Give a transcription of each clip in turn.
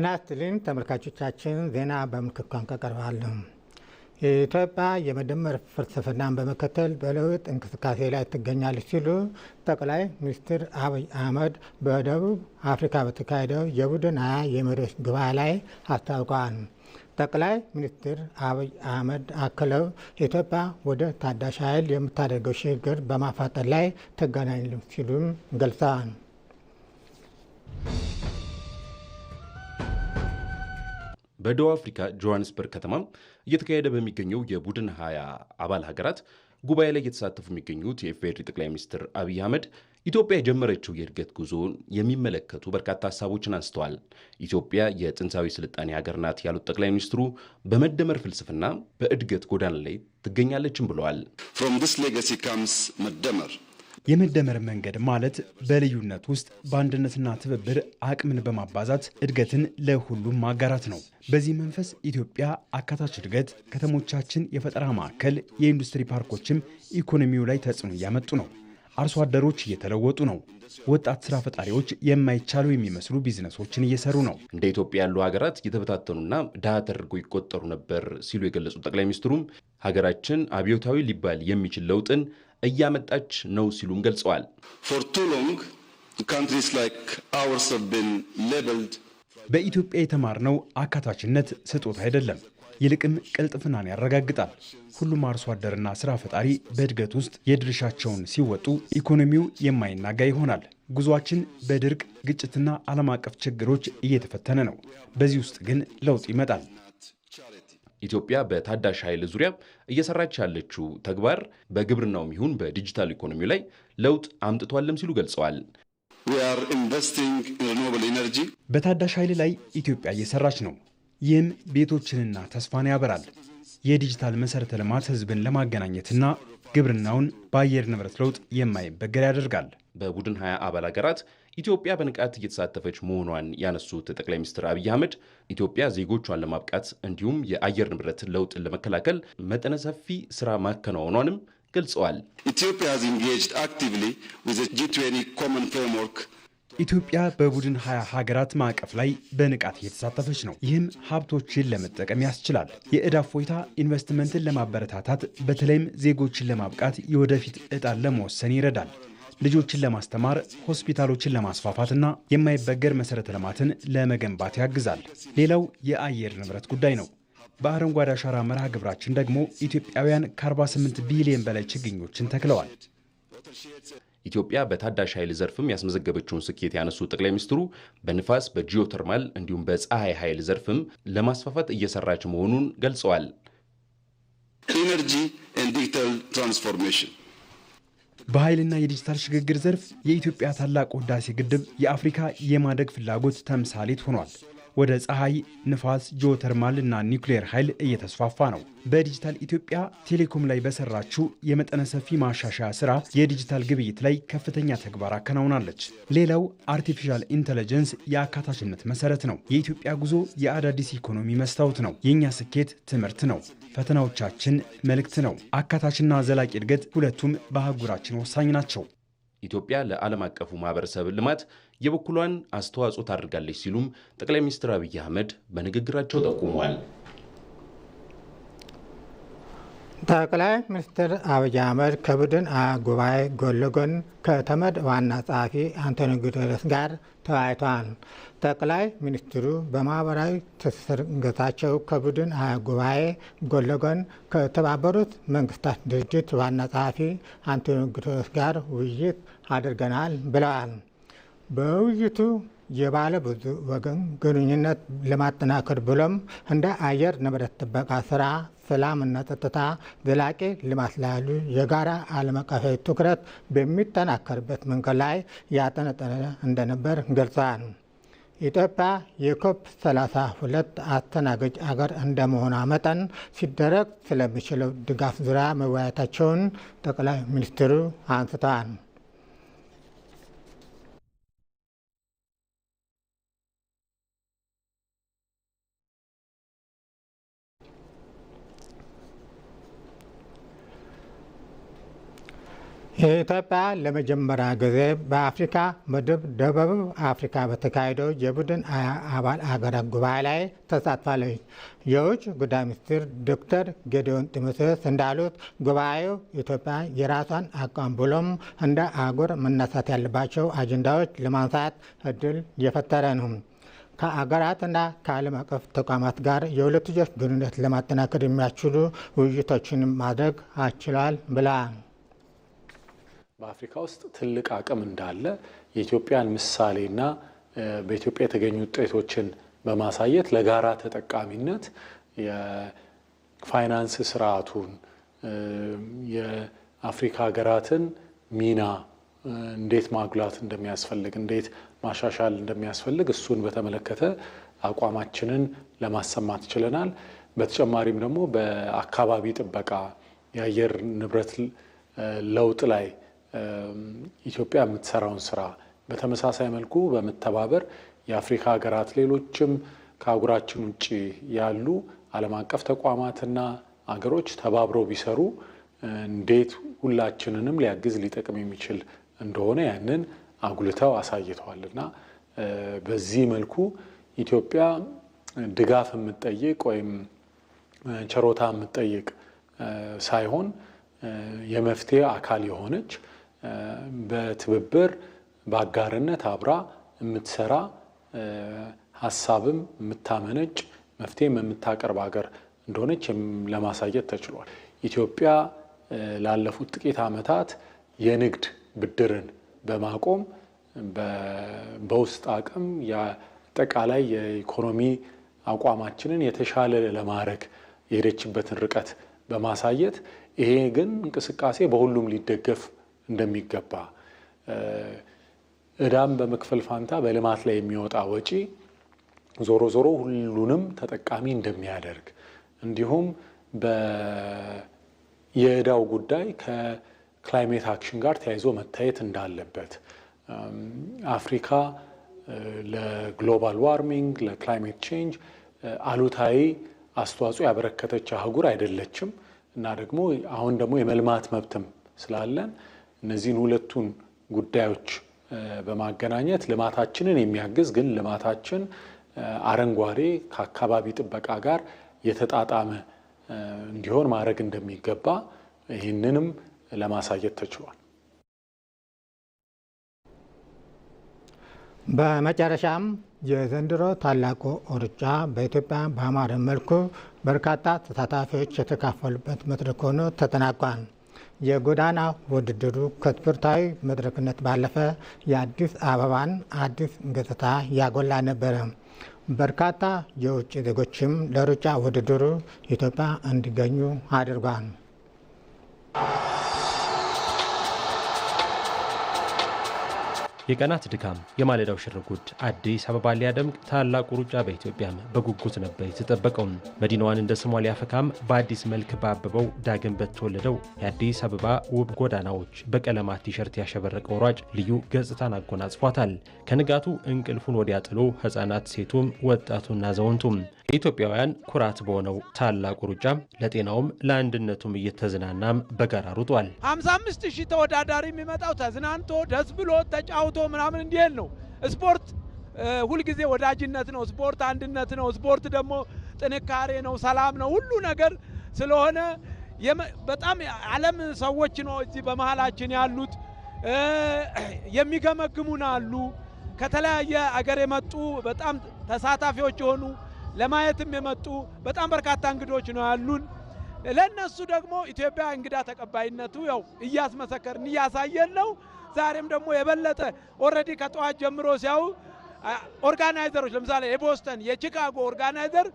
ጤና ይስጥልን ተመልካቾቻችን፣ ዜና በምልክት ቋንቋ የኢትዮጵያ የመደመር ፍልስፍናን በመከተል በለውጥ እንቅስቃሴ ላይ ትገኛለች ሲሉ ጠቅላይ ሚኒስትር አብይ አህመድ በደቡብ አፍሪካ በተካሄደው የቡድን ሀያ የመሪዎች ጉባኤ ላይ አስታውቀዋል። ጠቅላይ ሚኒስትር አብይ አህመድ አክለው ኢትዮጵያ ወደ ታዳሽ ኃይል የምታደርገው ሽግግር በማፋጠን ላይ ትገኛለች ሲሉም ገልጸዋል። በደቡብ አፍሪካ ጆሃንስበርግ ከተማ እየተካሄደ በሚገኘው የቡድን ሀያ አባል ሀገራት ጉባኤ ላይ እየተሳተፉ የሚገኙት የኢፌዴሪ ጠቅላይ ሚኒስትር አብይ አህመድ ኢትዮጵያ የጀመረችው የእድገት ጉዞን የሚመለከቱ በርካታ ሀሳቦችን አንስተዋል። ኢትዮጵያ የጥንታዊ ስልጣኔ ሀገር ናት ያሉት ጠቅላይ ሚኒስትሩ በመደመር ፍልስፍና በእድገት ጎዳና ላይ ትገኛለችም ብለዋል። ፍሮም ዲስ ሌጋሲ ካምስ መደመር የመደመር መንገድ ማለት በልዩነት ውስጥ በአንድነትና ትብብር አቅምን በማባዛት እድገትን ለሁሉም ማጋራት ነው። በዚህ መንፈስ ኢትዮጵያ አካታች እድገት፣ ከተሞቻችን የፈጠራ ማዕከል፣ የኢንዱስትሪ ፓርኮችም ኢኮኖሚው ላይ ተጽዕኖ እያመጡ ነው። አርሶ አደሮች እየተለወጡ ነው። ወጣት ስራ ፈጣሪዎች የማይቻሉ የሚመስሉ ቢዝነሶችን እየሰሩ ነው። እንደ ኢትዮጵያ ያሉ ሀገራት እየተበታተኑና ድሃ ተደርጎ ይቆጠሩ ነበር ሲሉ የገለጹት ጠቅላይ ሚኒስትሩም ሀገራችን አብዮታዊ ሊባል የሚችል ለውጥን እያመጣች ነው ሲሉም ገልጸዋል። በኢትዮጵያ የተማርነው አካታችነት ስጦታ አይደለም። ይልቅም ቅልጥፍናን ያረጋግጣል። ሁሉም አርሶ አደርና ስራ ፈጣሪ በእድገት ውስጥ የድርሻቸውን ሲወጡ ኢኮኖሚው የማይናጋ ይሆናል። ጉዟችን በድርቅ ግጭትና ዓለም አቀፍ ችግሮች እየተፈተነ ነው። በዚህ ውስጥ ግን ለውጥ ይመጣል። ኢትዮጵያ በታዳሽ ኃይል ዙሪያ እየሰራች ያለችው ተግባር በግብርናውም ይሁን በዲጂታል ኢኮኖሚው ላይ ለውጥ አምጥቷለም ሲሉ ገልጸዋል። በታዳሽ ኃይል ላይ ኢትዮጵያ እየሰራች ነው። ይህም ቤቶችንና ተስፋን ያበራል። የዲጂታል መሠረተ ልማት ህዝብን ለማገናኘትና ግብርናውን በአየር ንብረት ለውጥ የማይበገር ያደርጋል። በቡድን ሀያ አባል ሀገራት ኢትዮጵያ በንቃት እየተሳተፈች መሆኗን ያነሱት ጠቅላይ ሚኒስትር አብይ አህመድ ኢትዮጵያ ዜጎቿን ለማብቃት እንዲሁም የአየር ንብረት ለውጥን ለመከላከል መጠነ ሰፊ ስራ ማከናወኗንም ገልጸዋል። ኢትዮጵያ ኢትዮጵያ በቡድን ሀያ ሀገራት ማዕቀፍ ላይ በንቃት እየተሳተፈች ነው። ይህም ሀብቶችን ለመጠቀም ያስችላል። የዕዳ እፎይታ ኢንቨስትመንትን ለማበረታታት በተለይም ዜጎችን ለማብቃት የወደፊት ዕጣን ለመወሰን ይረዳል። ልጆችን ለማስተማር ሆስፒታሎችን ለማስፋፋትና የማይበገር መሠረተ ልማትን ለመገንባት ያግዛል። ሌላው የአየር ንብረት ጉዳይ ነው። በአረንጓዴ አሻራ መርሃ ግብራችን ደግሞ ኢትዮጵያውያን ከ48 ቢሊዮን በላይ ችግኞችን ተክለዋል። ኢትዮጵያ በታዳሽ ኃይል ዘርፍም ያስመዘገበችውን ስኬት ያነሱት ጠቅላይ ሚኒስትሩ በንፋስ፣ በጂኦተርማል እንዲሁም በፀሐይ ኃይል ዘርፍም ለማስፋፋት እየሰራች መሆኑን ገልጸዋል። ኢነርጂ ኤንድ ዲጂታል ትራንስፎርሜሽን በኃይልና የዲጂታል ሽግግር ዘርፍ የኢትዮጵያ ታላቁ ህዳሴ ግድብ የአፍሪካ የማደግ ፍላጎት ተምሳሌት ሆኗል። ወደ ፀሐይ፣ ንፋስ፣ ጂኦተርማል እና ኒውክሌር ኃይል እየተስፋፋ ነው። በዲጂታል ኢትዮጵያ ቴሌኮም ላይ በሰራችው የመጠነ ሰፊ ማሻሻያ ስራ የዲጂታል ግብይት ላይ ከፍተኛ ተግባር አከናውናለች። ሌላው አርቲፊሻል ኢንተለጀንስ የአካታችነት መሰረት ነው። የኢትዮጵያ ጉዞ የአዳዲስ ኢኮኖሚ መስታወት ነው። የእኛ ስኬት ትምህርት ነው። ፈተናዎቻችን መልእክት ነው። አካታችና ዘላቂ እድገት ሁለቱም በአህጉራችን ወሳኝ ናቸው። ኢትዮጵያ ለዓለም አቀፉ ማህበረሰብ ልማት የበኩሏን አስተዋጽኦ ታደርጋለች ሲሉም ጠቅላይ ሚኒስትር አብይ አህመድ በንግግራቸው ጠቁሟል። ጠቅላይ ሚኒስትር አብይ አህመድ ከቡድን ጉባኤ ጎን ለጎን ከተመድ ዋና ጸሐፊ አንቶኒ ጉተረስ ጋር ተወያይተዋል። ጠቅላይ ሚኒስትሩ በማህበራዊ ትስስር ገጻቸው ከቡድን ጉባኤ ጎን ለጎን ከተባበሩት መንግስታት ድርጅት ዋና ጸሐፊ አንቶኒ ጉተረስ ጋር ውይይት አድርገናል ብለዋል። በውይይቱ የባለ ብዙ ወገን ግንኙነት ለማጠናከር ብሎም እንደ አየር ንብረት ጥበቃ ስራ፣ ሰላምና ጸጥታ፣ ዘላቂ ልማት ላሉ የጋራ ዓለም አቀፋዊ ትኩረት በሚጠናከርበት መንገድ ላይ ያጠነጠነ እንደነበር ገልጸዋል። ኢትዮጵያ የኮፕ 32 አስተናገጅ አገር እንደመሆኗ መጠን ሲደረግ ስለሚችለው ድጋፍ ዙሪያ መወያየታቸውን ጠቅላይ ሚኒስትሩ አንስተዋል። ኢትዮጵያ ለመጀመሪያ ጊዜ በአፍሪካ ምድብ ደቡብ አፍሪካ በተካሄደው የቡድን አባል አገራት ጉባኤ ላይ ተሳትፋለች። የውጭ ጉዳይ ሚኒስትር ዶክተር ጌዲዮን ጢሞቴዎስ እንዳሉት ጉባኤው ኢትዮጵያ የራሷን አቋም ብሎም እንደ አህጉር መነሳት ያለባቸው አጀንዳዎች ለማንሳት እድል የፈጠረ ነው። ከአገራትና ከዓለም አቀፍ ተቋማት ጋር የሁለትዮሽ ግንኙነት ለማጠናከር የሚያስችሉ ውይይቶችን ማድረግ አችሏል ብለዋል። በአፍሪካ ውስጥ ትልቅ አቅም እንዳለ የኢትዮጵያን ምሳሌና በኢትዮጵያ የተገኙ ውጤቶችን በማሳየት ለጋራ ተጠቃሚነት የፋይናንስ ስርዓቱን የአፍሪካ ሀገራትን ሚና እንዴት ማጉላት እንደሚያስፈልግ እንዴት ማሻሻል እንደሚያስፈልግ እሱን በተመለከተ አቋማችንን ለማሰማት ችለናል። በተጨማሪም ደግሞ በአካባቢ ጥበቃ የአየር ንብረት ለውጥ ላይ ኢትዮጵያ የምትሰራውን ስራ በተመሳሳይ መልኩ በመተባበር የአፍሪካ ሀገራት ሌሎችም ከአጉራችን ውጭ ያሉ ዓለም አቀፍ ተቋማትና አገሮች ተባብረው ቢሰሩ እንዴት ሁላችንንም ሊያግዝ ሊጠቅም የሚችል እንደሆነ ያንን አጉልተው አሳይተዋል እና በዚህ መልኩ ኢትዮጵያ ድጋፍ የምትጠይቅ ወይም ቸሮታ የምትጠይቅ ሳይሆን የመፍትሄ አካል የሆነች በትብብር በአጋርነት አብራ የምትሰራ ሀሳብም የምታመነጭ መፍትሄም የምታቀርብ ሀገር እንደሆነች ለማሳየት ተችሏል። ኢትዮጵያ ላለፉት ጥቂት ዓመታት የንግድ ብድርን በማቆም በውስጥ አቅም የአጠቃላይ የኢኮኖሚ አቋማችንን የተሻለ ለማድረግ የሄደችበትን ርቀት በማሳየት ይሄ ግን እንቅስቃሴ በሁሉም ሊደገፍ እንደሚገባ እዳም በመክፈል ፋንታ በልማት ላይ የሚወጣ ወጪ ዞሮ ዞሮ ሁሉንም ተጠቃሚ እንደሚያደርግ እንዲሁም የእዳው ጉዳይ ከክላይሜት አክሽን ጋር ተያይዞ መታየት እንዳለበት አፍሪካ ለግሎባል ዋርሚንግ ለክላይሜት ቼንጅ አሉታዊ አስተዋጽኦ ያበረከተች አህጉር አይደለችም እና ደግሞ አሁን ደግሞ የመልማት መብትም ስላለን እነዚህን ሁለቱን ጉዳዮች በማገናኘት ልማታችንን የሚያግዝ ግን ልማታችን አረንጓዴ ከአካባቢ ጥበቃ ጋር የተጣጣመ እንዲሆን ማድረግ እንደሚገባ ይህንንም ለማሳየት ተችሏል። በመጨረሻም የዘንድሮ ታላቁ ሩጫ በኢትዮጵያ በአማረ መልኩ በርካታ ተሳታፊዎች የተካፈሉበት መድረክ ሆኖ ተጠናቋል። የጎዳና ውድድሩ ከስፖርታዊ መድረክነት ባለፈ የአዲስ አበባን አዲስ ገጽታ ያጎላ ነበረ። በርካታ የውጭ ዜጎችም ለሩጫ ውድድሩ ኢትዮጵያ እንዲገኙ አድርጓል። የቀናት ድካም፣ የማለዳው ሽርጉድ አዲስ አበባ ሊያደምቅ ታላቁ ሩጫ በኢትዮጵያም በጉጉት ነበር የተጠበቀው። መዲናዋን እንደ ስሟ ሊያፈካም በአዲስ መልክ ባበበው ዳግም በተወለደው የአዲስ አበባ ውብ ጎዳናዎች በቀለማት ቲሸርት ያሸበረቀው ሯጭ ልዩ ገጽታን አጎናጽፏታል። ከንጋቱ እንቅልፉን ወዲያ ጥሎ ሕፃናት፣ ሴቱም፣ ወጣቱና አዛውንቱም ኢትዮጵያውያን ኩራት በሆነው ታላቁ ሩጫ ለጤናውም ለአንድነቱም እየተዝናናም በጋራ ሩጧል። 55 ሺህ ተወዳዳሪ የሚመጣው ተዝናንቶ ደስ ብሎ ተጫውቶ ምናምን እንዲል ነው። ስፖርት ሁልጊዜ ወዳጅነት ነው። ስፖርት አንድነት ነው። ስፖርት ደግሞ ጥንካሬ ነው፣ ሰላም ነው፣ ሁሉ ነገር ስለሆነ በጣም ዓለም ሰዎች ነው እዚህ በመሀላችን ያሉት የሚገመግሙን አሉ ከተለያየ አገር የመጡ በጣም ተሳታፊዎች የሆኑ ለማየትም የመጡ በጣም በርካታ እንግዶች ነው ያሉን። ለእነሱ ደግሞ ኢትዮጵያ እንግዳ ተቀባይነቱ ያው እያስመሰከርን እያሳየን ነው። ዛሬም ደግሞ የበለጠ ኦልሬዲ ከጠዋት ጀምሮ ሲያዩ ኦርጋናይዘሮች ለምሳሌ የቦስተን የቺካጎ ኦርጋናይዘር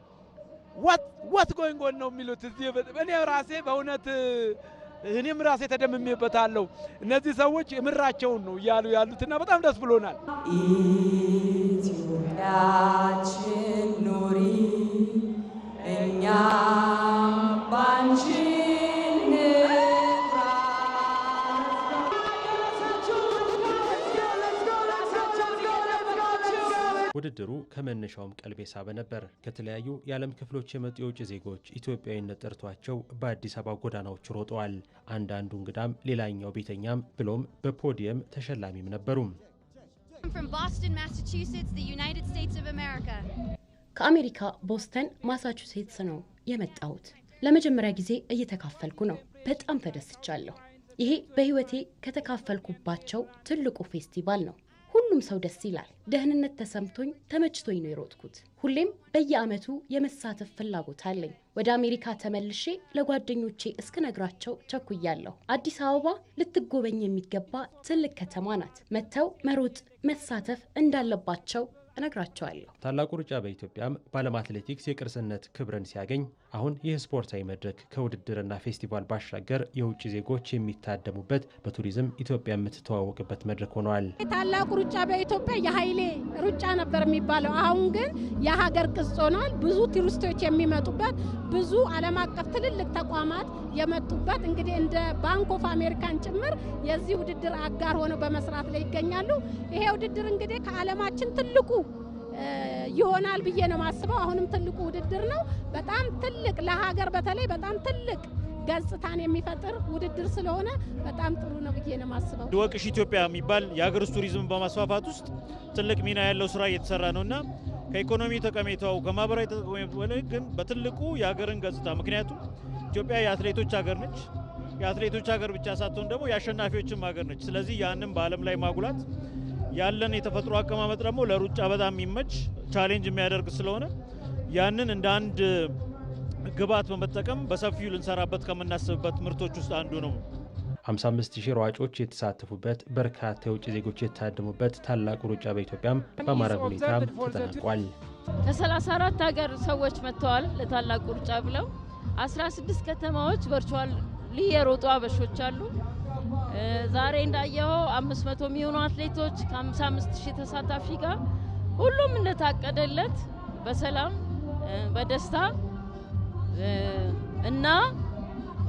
ወት ጎይንጎን ነው የሚሉት እዚህ እኔ ራሴ በእውነት እኔም ራሴ ተደምሜበታለሁ። እነዚህ ሰዎች ምራቸውን ነው እያሉ ያሉትና በጣም ደስ ብሎናል። ኢትዮጵያችን ኑሪ እኛ ባንቺ ውድድሩ ከመነሻውም ቀልብ የሳበ ነበር። ከተለያዩ የዓለም ክፍሎች የመጡ የውጭ ዜጎች ኢትዮጵያዊነት ጠርቷቸው በአዲስ አበባ ጎዳናዎች ሮጠዋል። አንዳንዱ እንግዳም፣ ሌላኛው ቤተኛም ብሎም በፖዲየም ተሸላሚም ነበሩ። ከአሜሪካ ቦስተን ማሳቹሴትስ ነው የመጣሁት። ለመጀመሪያ ጊዜ እየተካፈልኩ ነው። በጣም ተደስቻለሁ። ይሄ በህይወቴ ከተካፈልኩባቸው ትልቁ ፌስቲቫል ነው። ሁሉም ሰው ደስ ይላል። ደህንነት ተሰምቶኝ ተመችቶኝ ነው የሮጥኩት። ሁሌም በየዓመቱ የመሳተፍ ፍላጎት አለኝ። ወደ አሜሪካ ተመልሼ ለጓደኞቼ እስክነግራቸው ቸኩያለሁ። አዲስ አበባ ልትጎበኝ የሚገባ ትልቅ ከተማ ናት። መጥተው መሮጥ መሳተፍ እንዳለባቸው እነግራቸዋለሁ። ታላቁ ሩጫ በኢትዮጵያም በዓለም አትሌቲክስ የቅርስነት ክብርን ሲያገኝ አሁን ይህ ስፖርታዊ መድረክ ከውድድርና ፌስቲቫል ባሻገር የውጭ ዜጎች የሚታደሙበት በቱሪዝም ኢትዮጵያ የምትተዋወቅበት መድረክ ሆነዋል። ታላቁ ሩጫ በኢትዮጵያ የኃይሌ ሩጫ ነበር የሚባለው፣ አሁን ግን የሀገር ቅጽ ሆኗል። ብዙ ቱሪስቶች የሚመጡበት ብዙ ዓለም አቀፍ ትልልቅ ተቋማት የመጡበት እንግዲህ እንደ ባንክ ኦፍ አሜሪካን ጭምር የዚህ ውድድር አጋር ሆነው በመስራት ላይ ይገኛሉ። ይሄ ውድድር እንግዲህ ከዓለማችን ትልቁ ይሆናል ብዬ ነው ማስበው። አሁንም ትልቁ ውድድር ነው። በጣም ትልቅ ለሀገር በተለይ በጣም ትልቅ ገጽታን የሚፈጥር ውድድር ስለሆነ በጣም ጥሩ ነው ብዬ ነው ማስበው። ድወቅሽ ኢትዮጵያ የሚባል የሀገር ውስጥ ቱሪዝም በማስፋፋት ውስጥ ትልቅ ሚና ያለው ስራ እየተሰራ ነው እና ከኢኮኖሚ ተቀሜታው ከማህበራዊ ተቀሜታው ግን በትልቁ የሀገርን ገጽታ ምክንያቱም ኢትዮጵያ የአትሌቶች ሀገር ነች። የአትሌቶች ሀገር ብቻ ሳትሆን ደግሞ የአሸናፊዎችም ሀገር ነች። ስለዚህ ያንን በዓለም ላይ ማጉላት ያለን የተፈጥሮ አቀማመጥ ደግሞ ለሩጫ በጣም የሚመች ቻሌንጅ የሚያደርግ ስለሆነ ያንን እንደ አንድ ግብዓት በመጠቀም በሰፊው ልንሰራበት ከምናስብበት ምርቶች ውስጥ አንዱ ነው። 55 ሺህ ሯጮች የተሳተፉበት በርካታ የውጭ ዜጎች የታደሙበት ታላቁ ሩጫ በኢትዮጵያም በአማረ ሁኔታ ተጠናቋል። ከ34 ሀገር ሰዎች መጥተዋል ለታላቁ ሩጫ ብለው 16 ከተማዎች ቨርቹዋል ሊየሮጡ አበሾች አሉ። ዛሬ እንዳየኸው አምስት መቶ የሚሆኑ አትሌቶች ከሀምሳ አምስት ሺህ ተሳታፊ ጋር ሁሉም እንደታቀደለት በሰላም በደስታ እና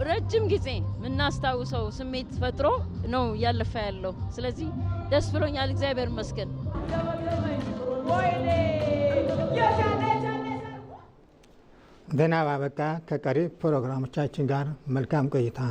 ረጅም ጊዜ የምናስታውሰው ስሜት ፈጥሮ ነው እያለፈ ያለው። ስለዚህ ደስ ብሎኛል፣ እግዚአብሔር ይመስገን። ዜና ባበቃ። ከቀሪ ፕሮግራሞቻችን ጋር መልካም ቆይታ